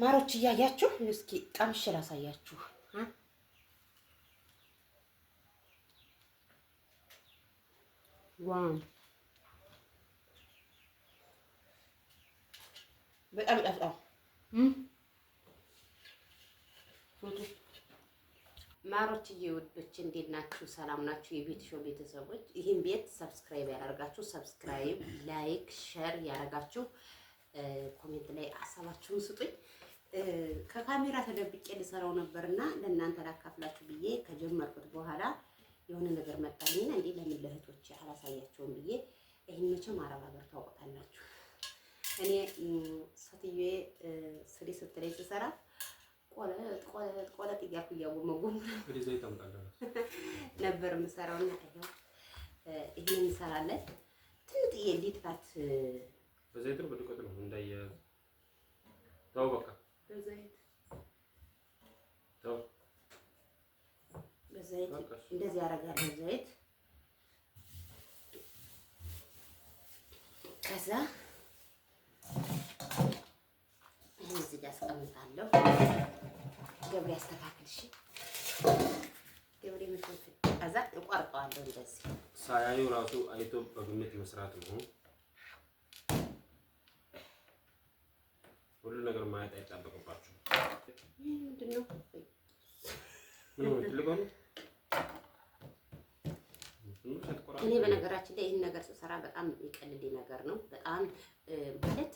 ማሮች እያያችሁ እስኪ ቀምሼ ላሳያችሁ። ዋው በጣም ይጣፍጣል። ማሮች እየወዶች እንዴት ናችሁ? ሰላም ናችሁ? የቤት ሾው ቤተሰቦች ይህን ቤት ሰብስክራይብ ያደርጋችሁ ሰብስክራይብ፣ ላይክ፣ ሸር ያደርጋችሁ ኮሜንት ላይ አሳባችሁን ስጡኝ። ከካሜራ ተደብቄ ልሰራው ነበርና ለእናንተ ላካፍላችሁ ብዬ ከጀመርኩት በኋላ የሆነ ነገር መጣልኝና እንዴ ለምን ለእህቶቼ አላሳያቸውም ብዬ ይህን መቼም አረብ ሀገር ታውቁታላችሁ። እኔ ሴትዬ ስሪ ስትለኝ ስሰራ ቆለጥ ቆለጥ ቆለጥ እያልኩ እያጎመጎሙ ነበር የምሰራውና አስቀምጣለሁ። ገብሬ ያስተካክል እሺ። ገብሬ ምንፈልግ ከዛ እቆርጠዋለሁ። እንደዚህ ሳያዩ ራሱ አይቶ በግምት መስራት ነው። ሁሉ ነገር ማየት አይጠበቅባችሁ። ምንድን ነው? እኔ በነገራችን ላይ ይህን ነገር ስሰራ በጣም የሚቀልል ነገር ነው። በጣም ማለት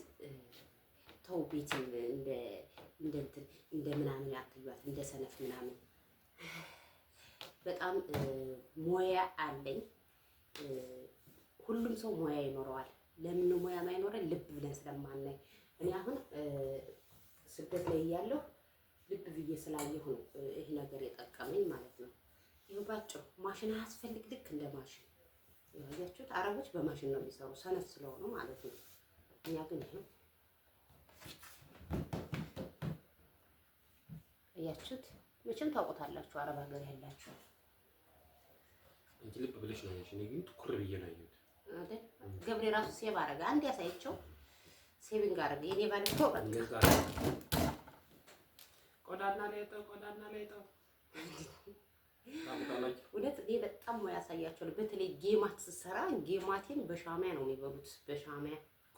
ተው ቤቴን እንደ እንትን እንደ ምናምን አትሏት፣ እንደ ሰነፍ ምናምን። በጣም ሙያ አለኝ። ሁሉም ሰው ሙያ ይኖረዋል። ለምን ሙያ ማይኖረን? ልብ ብለን ስለማናይ። እኔ አሁን ስደት ላይ እያለሁ ልብ ብዬ ስላየሁ ነው ይህ ነገር የጠቀመኝ ማለት ነው። ይህ ባጭሩ ማሽን አያስፈልግ። ልክ እንደ ማሽን ያያችሁት፣ አረቦች በማሽን ነው የሚሰሩ ሰነፍ ስለሆኑ ማለት ነው። እኛ ግን እያችሁት መቼም ታውቁታላችሁ። አረብ ሀገር ያላችሁ እንት ልብ ብለሽ ነው ግን ትኩር ብዬ ነው ያየሁት። አይደል ገብሬ ራሱ ሴቭ አረገ። አንድ ሴቪንግ አረገ። የኔ እኮ በቃ ቆዳና ቆዳና እውነት እኔ በጣም ነው ያሳያቸው። በተለይ ጌማት ስሰራ ጌማቴን በሻማያ ነው የሚበሉት።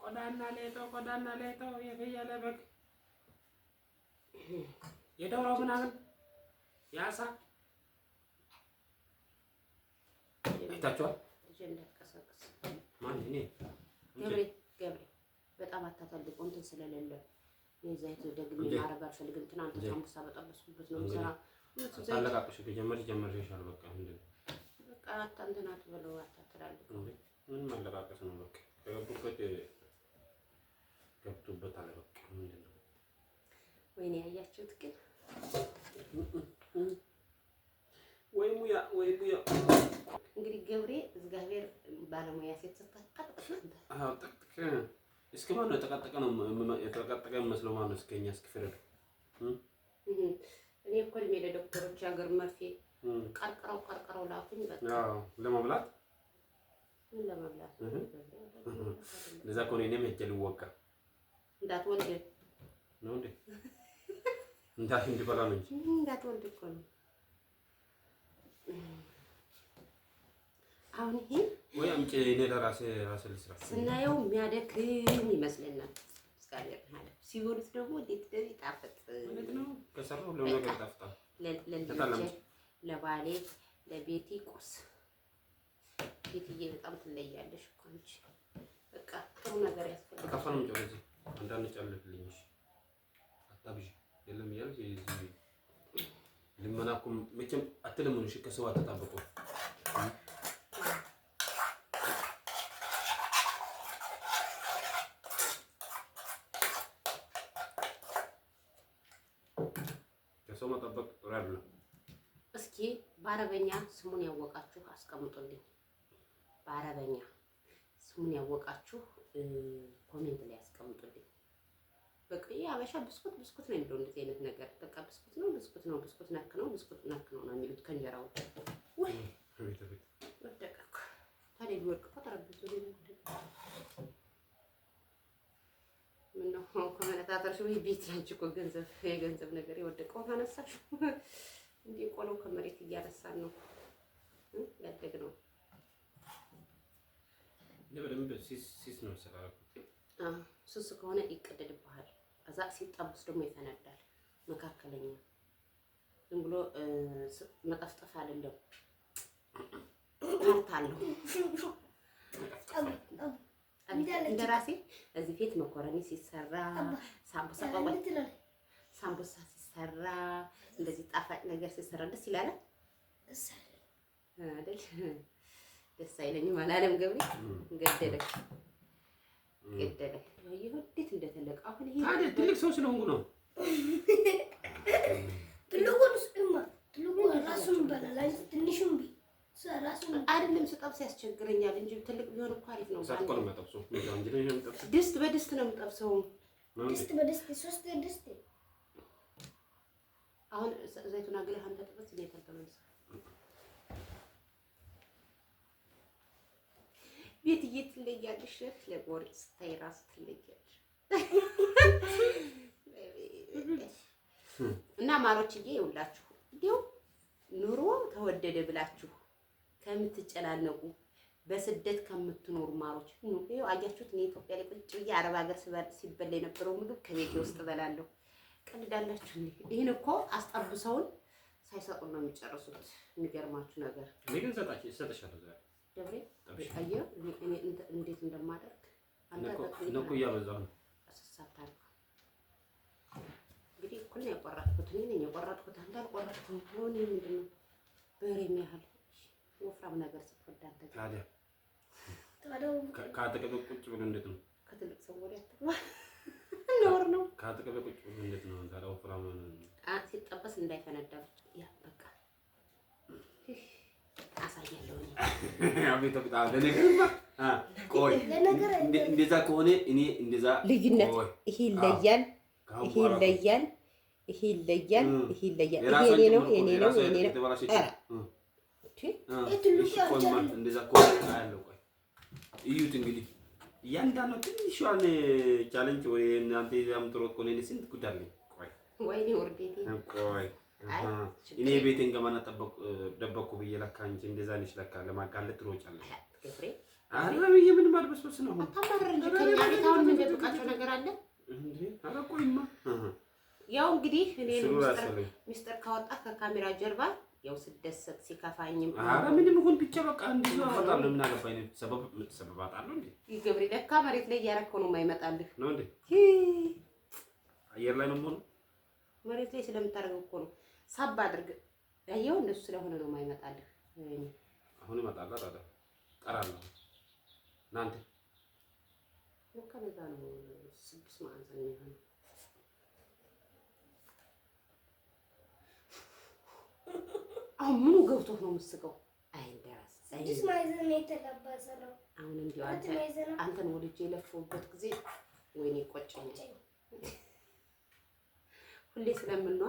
ቆዳና ቆዳና በግ የዶሮ ምናምን የአሳ አይታችኋል። ገብሬ በጣም አታፈልቁ እንትን ስለሌለ የዘይት ደግሜ ማድረግ አልፈልግም። ትናንት ሳምቡሳ በጠበስኩበት ነው የምሰራ። ታለቃቅሽ ጀመር ይሻል። በቃ ምንድን በቃ አትበለው ምንም አለቃቀስ ነው በቃ ከገቡበት በቃ ምንድን ነው ወይኔ ያያችሁት ግን እንግዲህ ገብሬ እግዚአብሔር ባለሙያ ሴት እስከ ማን ነው ተቀጠቀ ነው የተቀጠቀ መስሎ ማን ነው? እስከኛ እስክፍረድ እኔ እኮ እድሜ ለዶክተሮች ሀገር መርፌ ቀርቅረው ቀርቅረው ላኩኝ። በቃ ለመብላት ለመብላት ለዛ እኮ እኔም ሄጄ ልወጋ እንዳትወልድ ነው እንዴ? እንዳት እንዲበላ ነው እንጂ እንዳትወልድ እኮ ነው። አሁን ይሄ ወይ አምጪ፣ እኔ ለራሴ ራሴ ልስራ። ስናየው የሚያደክም ይመስለናል። ሲበሉት ደግሞ እንዴት እንደዚህ ጣፍጥ ነው ከሰራው ለነገር ጣፍጣ ለልጅ ለባሌ ለቤቲ ቁርስ ቤትዬ በጣም ትለያለሽ እኮ እንጂ በቃ ጥሩ ነገር ያስፈልጋል። ከፈንም ጨርጂ አንዳንድ ጨልፍልኝ አታብዥ የለም እያልኩ ልመና እኮ መቼም አትለምኑ። እሺ ከሰው አትጠብቁ። ከሰው መጠበቅ ራድ ነው። እስኪ በአረበኛ ስሙን ያወቃችሁ አስቀምጡልኝ። በአረበኛ ስሙን ያወቃችሁ ኮሜንት ላይ አስቀምጡልኝ። በቃ የሀበሻ ብስኩት ብስኩት ነው የሚለው እንደዚህ አይነት ነገር በቃ ብስኩት ነው ብስኩት ነው ብስኩት ነክ ነው ብስኩት ነክ ነው ነው የሚሉት ከእንጀራ ወይ ታዲያ ቢወድቅ እኮ ተረብሶ ምነው ከመነታተርሽ ወይ ቤት አንቺ እኮ ገንዘብ የገንዘብ ነገር የወደቀው ታነሳሽ እንደ ቆለው ከመሬት እያነሳን ነው ያደግ ነው ሱስ ከሆነ ይቀደድብሃል ከዛ ሲጠበስ ደግሞ ይፈነዳል። መካከለኛ ዝም ብሎ መጠፍጠፍ አይደለም፣ ፓርት አለው። እንደ ራሴ እዚህ ፊት መኮረኒ ሲሰራ፣ ሳምቡሳ ሳምቡሳ ሲሰራ፣ እንደዚህ ጣፋጭ ነገር ሲሰራ ደስ ይላል አይደል? ደስ አይለኝም አላለም ገብሬ ገደለች። ገደለ። ይወዴት እንደተለቀ አሁን ይሄ ታዲያ ትልቅ ሰው ስለሆንኩ ነው። ትልቁን ስማ፣ ትልቁን ራሱን ይበላል። አይ ትንሹም ቢ አይደለም ስጠብስ ያስቸግረኛል እንጂ ትልቅ ቢሆን እኮ አሪፍ ነው። ድስት በድስት ነው የምጠብሰው። ድስት በድስት ሶስት ድስት አሁን ዘይቱን አግለህ አንተ ጥብስ ቤትዬ ትለያለሽ። ለጎሪጥ ስታይ ራሱ ትለያለሽ። እና ማሮችዬ ይኸውላችሁ እንዲያው ኑሮ ተወደደ ብላችሁ ከምትጨናነቁ በስደት ከምትኖሩ ማሮች አያችሁት። እኔ ኢትዮጵያ ላይ ቁጭ ብዬ አረብ ሀገር ሲበላ የነበረው ምግብ ከቤቴ ውስጥ እበላለሁ። ቀልዳላችሁ። ይህን እኮ አስጠብሰውን ሳይሰጡን ነው የሚጨርሱት። የሚገርማችሁ ነገር ግን ሰጣችሁ ይሰጥሻል እንዴት እንደማደርግ ንኩ እያበዛሁ ነው። እንግዲህ እኮ ነው የቆረጥኩት፣ እኔ ነኝ የቆረጥኩት። አንተ አልቆረጥኩም። ሆኔ ምንድን ነው ብር የሚያህል ወፍራም ነገር ስትወዳ አንተ ታዲያ ከአጠገቤ ቁጭ ብሎ እንዴት ነው ከትልቅ ሰው ወዲያ ነውር ነው። ከአጠገቤ ቁጭ ብሎ እንዴት ነው ታዲያ ወፍራም ሲጠበስ እንዳይፈነዳ እንደዛ ከሆነ እኔ እንደዛ ልዩነት ይሄ ይለያል፣ ይሄ ይለያል፣ ይሄ ይለያል፣ ይሄ ይለያል። ይሄ ነው ነው ነው። እዩት እንግዲህ እያንዳንዱ ትንሿን ቻለንጅ ወይ እናንተ ያምጥሮት ከሆነ ስንት ጉዳለኝ ቆይ እኔ ቤቴን ገመና ጠበቁ ደበቁ ብዬ ለካ እንጂ እንደዛ ነሽ ለካ ለማጋለጥ ትሮጫለሽ። አረ ብዬ ምን ማልበስበስ ነው ነገር አለ። አረ ቆይማ ያው እንግዲህ እኔ ሚስጥር ካወጣ ከካሜራ ጀርባ ያው ስደሰት ሲከፋኝም አረ ምንም ሁን ብቻ በቃ እንደዛ አወጣለሁ። ምን አገባኝ ነው ሰበብ ምትሰበባታለሁ እንዴ? ይገብሪ ለካ መሬት ላይ እያረከው ነው የማይመጣልህ ነው እንዴ? አየር ላይ ነው መሆኑ መሬት ላይ ስለምታደርገው እኮ ነው ሳብ አድርግ። ያየው እንደሱ ስለሆነ ነው የማይመጣልህ። አሁን ይመጣል። አጣጣ ቀራለሁ ናንተ ወካ ለዛ ነው ስድስት ማዕዘን ይሆን አሁን ምኑ ገብቶ ነው የምትስቀው? አይ እንደራስ ስድስት ማዕዘን የተቀበሰ ነው። አሁን እንዲሁ አንተን ወልጄ የለፈውበት ጊዜ ወይኔ ቆጨኝ ሁሌ ስለምንዋ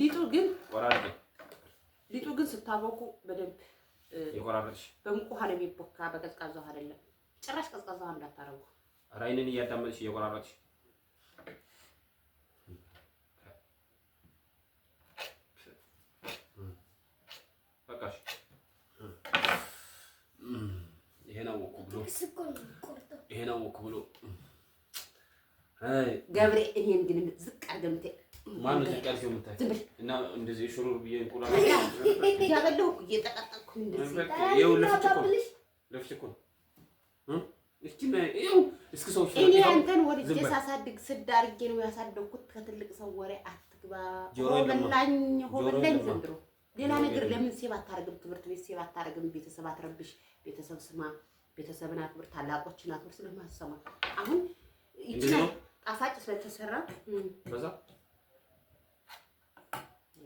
ሊጡ ግን ሊጡ ግን ስታወቁ በደንብ በሙቅ ውሃ ነው የሚቦካ፣ በቀዝቃዛ ውሃ አይደለም። ጭራሽ ቀዝቃዛ ውሃ እንዳታረጉ። ራይንን እያዳመጥሽ እየቆራረጥሽ ይሄን አወኩ ብሎ ገብሬ ግን ዝቅ አድርገን ማነው ሲቃልሽ የምታይ እና እንደዚህ ብዬ እኔ አንተን ወድጄ ሳሳድግ ስድ አድርጌ ነው ያሳደግኩት። ከትልቅ ሰው ወሬ አትግባ። ሆ በላኝ ዘንድሮ ሌላ ነገር ለምን ሴብ አታደርግም? ትምህርት ቤት ሴብ አታደርግም? ቤተሰብ አትረብሽ። ቤተሰብ ስማ፣ ቤተሰብን አክብር፣ ታላቆችን አክብር። ስለማሰማ አሁን ይችላል ጣፋጭ ስለተሰራ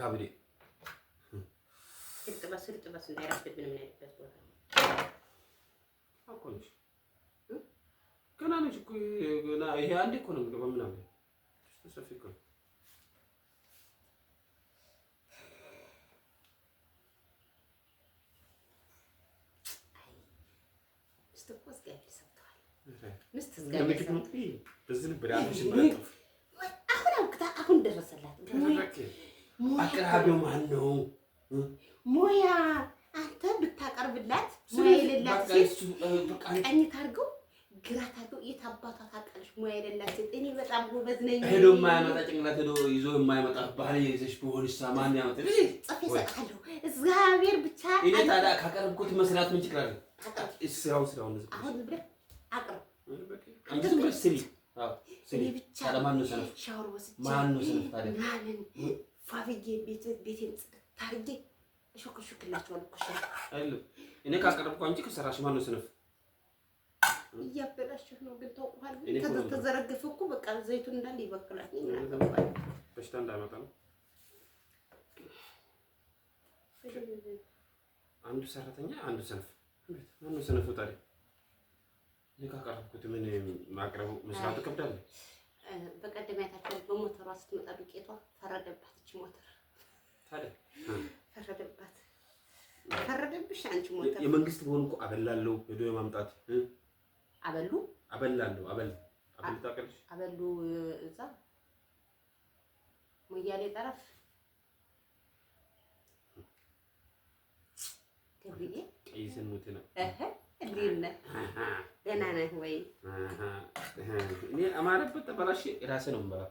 አካብዴ ስልጥ በስ ስልጥ በስ እንዳይረፍድብን የምንሄድበት ገና ነሽ እኮ ገና ይሄ አንዴ እኮ ነው የምገባው ምናምን ሰፊ እኮ ነው። አሁን ደረሰላት አቅራቢው ማን ነው? ሙያ አንተ ብታቀርብላት ሙያ የሌላት ሴት ቀኝ ታርገው ግራ ታርገው የታባቷ ታውቃለች። ሙያ የሌላት ሴት እኔ በጣም ጎበዝ ነኝ ሄዶ የማያመጣ ጭንቅላት ሄዶ ይዞ የማያመጣ ባህል ይዘሽ በሆንሳ ማን ያመጣ ጽፌ እሰጥሃለሁ። እግዚአብሔር ብቻ እኔ ታዲያ ካቀረብኩት መስራት ምን ችግር አለ? ስራው ስራውን አሁን ብለህ አቅርብ አንተ ብለህ ስሪ ማን ነው ሰነፍ ማን ነው ሰነፍ ታዲያ ፋብዬ ቤት ቤቴን ጽድት አድርጌ እሾክሾክላችኋለሁ እኮ እሺ። አይደለም እኔ ካቀረብኩ አንቺ ከሰራሽ ማን ነው ስነፍ እያበላሽ ነው። ግን ታውቀዋለህ፣ ተዘረገፈ እኮ በቃ ዘይቱን እንዳለ ይበቅላል። በሽታ እንዳይመጣ ነው። አንዱ ሰራተኛ አንዱ ሰነፍ፣ ማነው ሰነፉ ታዲያ? እኔ ካቀረብኩት ምን ማቅረቡ መስራቱ ከብዳለ? ሞተሯ ስትመጣ ዱቄቷ ፈረደባት። እቺ ሞተር ፈረደባት። ፈረደብሽ አንቺ ሞተር። የመንግስት በሆኑ እኮ አበላለሁ ሄዶ የማምጣት አበሉ አበላለሁ አበል አበል አበሉ እዛ ሞያሌ ጠረፍ ገብርዬ ቀይስሙት ነው እንዴት ነህ? ደህና ነህ ወይ? እኔ አማረበት ተበላሽ ራሴ ነው የምበላው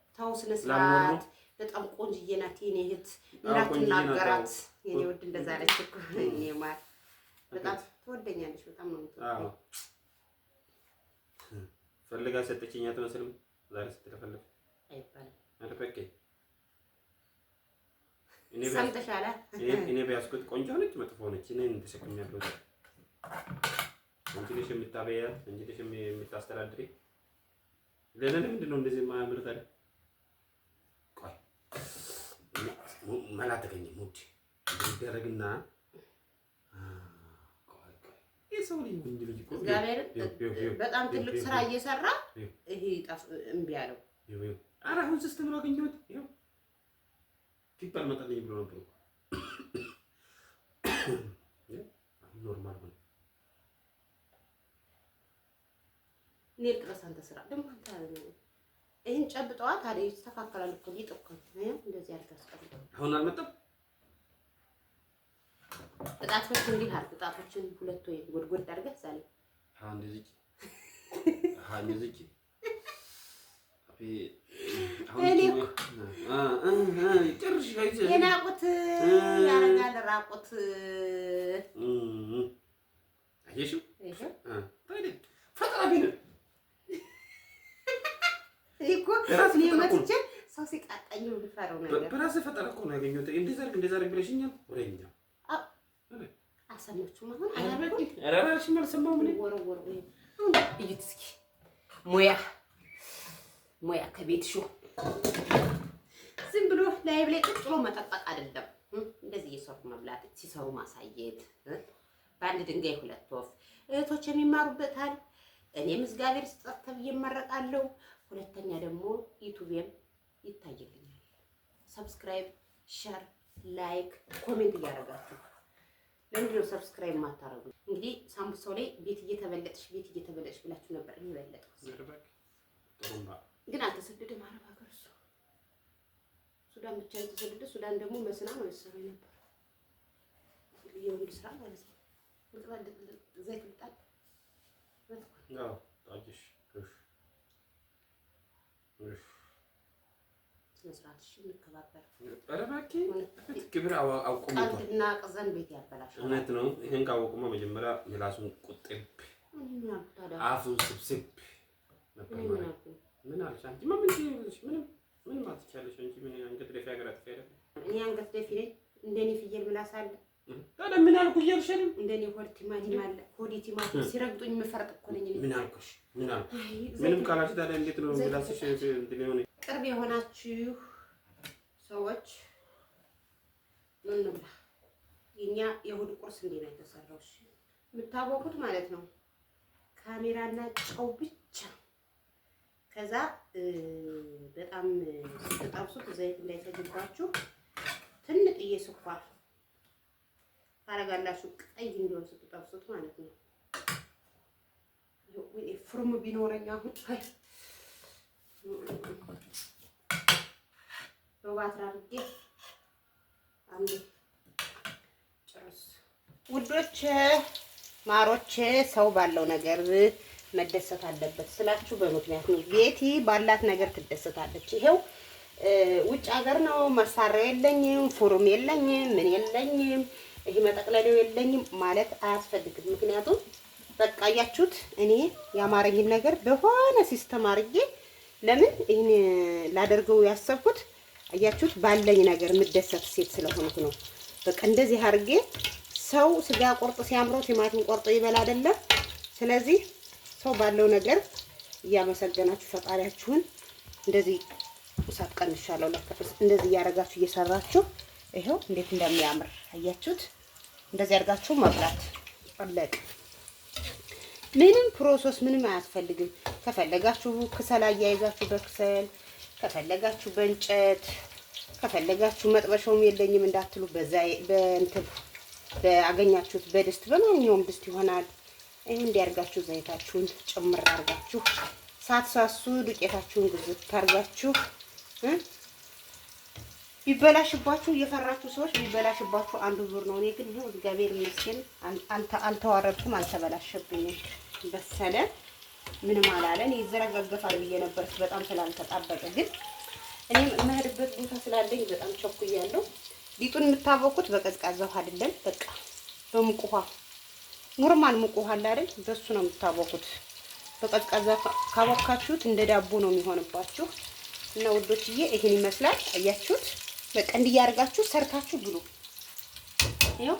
ተው ስነ ስርዓት። በጣም ቆንጅዬ ናት የኔ እህት፣ እንዳትናገራት የኔ ውድ። እንደዛ አለች እኮ እኔ ማር በጣም ትወደኛለች። በጣም ነው የምትወደኝ። ፈልጋ ሰጠችኝ አትመስልም። ዛሬ ስትለፈልፍ አይባልም። አረፈቄ እኔ ቢያስኩት ቆንጆ ነች መጥፎ ነች? እኔ ተሸክም ያለው አንቺ የምታበያት፣ አንቺ የምታስተዳድሪ። ለምን ምንድን ነው እንደዚህ የማያምር ታዲያ? አላተገኘም። ውድ ይደረግና የሰው ልጅ ወንድ ልጅ እኮ በጣም ትልቅ ስራ እየሰራ ይሄ ጣፍ እምቢ አለው። ኧረ አሁን ሲስተም ነው አገኘሁት። ይሄው ቲፓል መጣልኝ ብሎ ነበር እኮ ኖርማል ሆነ። እኔ ልቅረስ፣ አንተ ስራ ደግሞ አንተ ይሄን ጨብጠዋ ታዲያ ይስተካከላል እኮ ሊጥ እኮ እንደዚህ አድርገህ አስቀምጠው። አሁን አልመጣም። እጣቶች እንዲህ አድርግ። እጣቶችን ሁለት ወይ ጎድጎድ አድርገህ ዛሬ እንደዚህ የናቁት ያደርጋል። ራቁት አየሽው ፈጠራ ቢሆን እኮ እኔ መጥቼ ሰው ፈጠራ እኮ ነው ያገኘሁት። እንደዛ አድርግ እንደዛ አድርግ ብለሽኛል። ወሬኛ አልሰማችሁም? አሁን እዩት እስኪ ሙያ ሙያ ከቤትሽ ዝም ብሎ ላይብ ላይ ቁጭ ብሎ መጠበቅ አይደለም። እንደዚህ እየሰሩ መብላት፣ ሲሰሩ ማሳየት፣ በአንድ ድንጋይ ሁለት ወፍ። እህቶች የሚማሩበታል። እኔም እግዚአብሔር ስጠት ተብዬ ሁለተኛ ደግሞ ዩቱቤም ይታይልኛል። ሰብስክራይብ፣ ሸር፣ ላይክ፣ ኮሜንት እያደረጋችሁ ለምንድን ነው ሰብስክራይብ ማታረጉ? እንግዲህ ሳምቡሳው ላይ ቤት እየተበለጥሽ ቤት እየተበለጥሽ ብላችሁ ነበር። የሚበለጥ ግን አልተሰደደም። አረብ ሀገር እሱ ሱዳን ብቻ የተሰደደ ሱዳን ደግሞ መስና ነው የሰሩ ነበር የወንድ ስራ ማለት ነው። ዘይት ልጣል ቀልድና ቅዘን ቤት ያበላሻል። እውነት ነው። ይህን ካወቁማ መጀመሪያ የራሱን ቁጥብ አፉን ስብስብ ምን አለሽ አንቺ? ምንም አትቻለሽ አንቺ። ምን አንገት ደፊ ሀገር አትቻለሽ። እኔ አንገት ደፊ ነኝ። እንደኔ ፍየል ምላስ አለ። ምን አልኩ እያልሽ እንደኔ ሆድ ቲማቲም አለ እንደ ቲማቲም ሲረግጡኝ የምፈርጥ እኮ ነኝ። ምን አልኩሽ? ምን አልኩሽ? ምንም ካላችሁ ታዲያ እንዴት ነው ምላስሽ እንትን የሆነ ቅርብ የሆናችሁ ሰዎች የኛ የእሑድ ቁርስ ነው የተሰራው? እሺ የምታወቁት ማለት ነው። ካሜራና ጨው ብቻ ከዛ በጣም ስትጠብሱት ዘይት እንዳይፈጅባችሁ ትንጥዬ ስኳር ታረጋላችሁ። ቀይ እንዲሆን ስትጠብሱት ማለት ነው። ፍርም ቢኖረኝ አሁን በባትራ አድርጌ አንዴ ጨርስ። ውዶች ማሮች፣ ሰው ባለው ነገር መደሰት አለበት ስላችሁ በምክንያት ነው። ቤቲ ባላት ነገር ትደሰታለች። ይሄው ውጭ ሀገር ነው፣ መሳሪያ የለኝም፣ ፉሩም የለኝም፣ ምን የለኝም ይሄ መጠቅለያው የለኝም ማለት አያስፈልግም። ምክንያቱም በቃ እያችሁት እኔ ያማረኝን ነገር በሆነ ሲስተም አድርጌ ለምን ይህን ላደርገው ያሰብኩት አያችሁት፣ ባለኝ ነገር የምደሰት ሴት ስለሆንኩ ነው። በቃ እንደዚህ አድርጌ ሰው ስጋ ቆርጦ ሲያምረው ቲማቲም ቆርጦ ይበላ አይደለም። ስለዚህ ሰው ባለው ነገር እያመሰገናችሁ ፈጣሪያችሁን እንደዚህ ሳትቀንሻለሁ። ለካ እንደዚህ እያደረጋችሁ እየሰራችሁ ይሄው እንዴት እንደሚያምር አያችሁት። እንደዚህ አድርጋችሁ መብላት አለቅ። ምንም ፕሮሰስ ምንም አያስፈልግም። ከፈለጋችሁ ክሰል አያይዛችሁ በክሰል ከፈለጋችሁ በእንጨት ከፈለጋችሁ መጥበሻውም የለኝም እንዳትሉ በእንትን በአገኛችሁት በድስት በማንኛውም ድስት ይሆናል። ይህ እንዲያርጋችሁ ዘይታችሁን ጭምር አርጋችሁ ሳትሳሱ ዱቄታችሁን ግዙት ታርጋችሁ ቢበላሽባችሁ የፈራችሁ ሰዎች ቢበላሽባችሁ አንዱ ዙር ነው። እኔ ግን ይኸው እግዚአብሔር ይመስገን አልተዋረድኩም፣ አልተበላሸብኝም። በሰለ ምንም አላለን። ይዘረጋገፋል ብዬ ነበር በጣም ስላልተጣበቀ። ግን እኔም የምሄድበት ቦታ ስላለኝ በጣም ቸኩያለሁ። ሊጡን የምታወቁት በቀዝቃዛ ውሃ አይደለም፣ በቃ በሙቅ ውሃ ኖርማል ሙቅ ውሃ አለ አይደል? በሱ ነው የምታወቁት በቀዝቃዛ ካቦካችሁት እንደ ዳቦ ነው የሚሆንባችሁ። እና ውዶችዬ ይሄን ይመስላል አያችሁት። በቃ እንዲያደርጋችሁ ሰርታችሁ ብሉ። ይኸው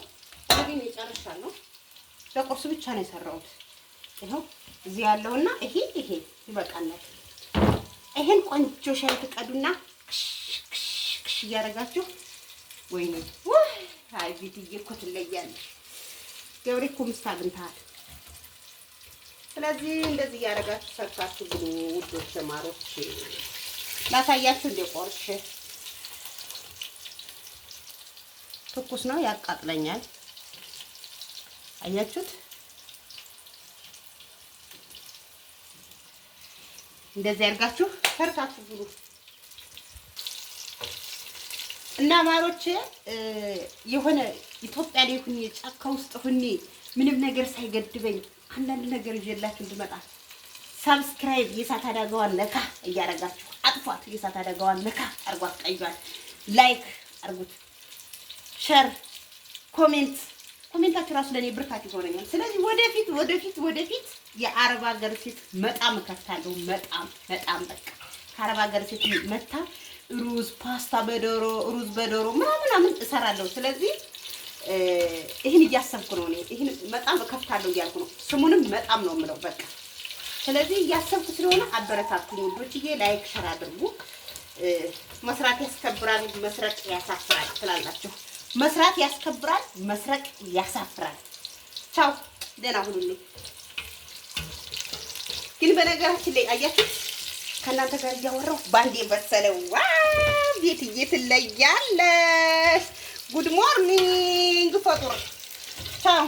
ግን የጨርሻለሁ። ለቁርስ ብቻ ነው የሰራሁት። ይኸው እዚህ ያለውና ይሄ ይሄ ይበቃናል። ይሄን ቆንጆ ሻይ ትቀዱና ክሽ እያደረጋችሁ ወይኔ አይ ቪዲዮ እኮ ትለያለሽ። ገብሬ እኮ ምስት አግኝተሃል። ስለዚህ እንደዚህ እያደረጋችሁ ሰርታችሁ ብሉ ውዶች፣ ተማሮች ላሳያችሁ እንደ ቆርሽ ትኩስ ነው ያቃጥለኛል። አያችሁት? እንደዚህ አድርጋችሁ ሰርታችሁ ብሉ እና ማሮቼ፣ የሆነ ኢትዮጵያ ላይ ሁኔ ጫካ ውስጥ ሁኔ ምንም ነገር ሳይገድበኝ አንዳንድ ነገር ይዤላችሁ እንድመጣ ሰብስክራይብ የእሳት አደጋዋን ነካ እያደረጋችሁ አጥፏት። የእሳት አደጋዋን ነካ አርጓት፣ ቀይዋል። ላይክ አርጉት። ሸር፣ ኮሜንት ኮሜንታችሁ ራሱ ለእኔ ብርታት ይሆነኛል። ስለዚህ ወደፊት ወደፊት ወደፊት የአረብ ሀገር ሴት መጣም እከፍታለሁ። መጣም መጣም በቃ ከአረብ ሀገር ሴት መታ ሩዝ፣ ፓስታ በዶሮ ሩዝ በዶሮ ምናምን ምናምን እሰራለሁ። ስለዚህ ይህን እያሰብኩ ነው እኔ ይህን መጣም እከፍታለሁ እያልኩ ነው። ስሙንም መጣም ነው የምለው በቃ። ስለዚህ እያሰብኩ ስለሆነ አበረታቱኝ ውዶችዬ፣ ላይክ ሸር አድርጉ። መስራት ያስከብራል፣ መስረቅ ያሳፍራል ትላላችሁ። መስራት ያስከብራል፣ መስረቅ ያሳፍራል። ቻው፣ ደህና ሁኑልኝ። ግን በነገራችን ላይ አያችሁት ከእናንተ ጋር እያወራሁ ባንዴ የበሰለ ዋ ቤትዬ ትለያለሽ። ጉድ ሞርኒንግ ፈጡር። ቻው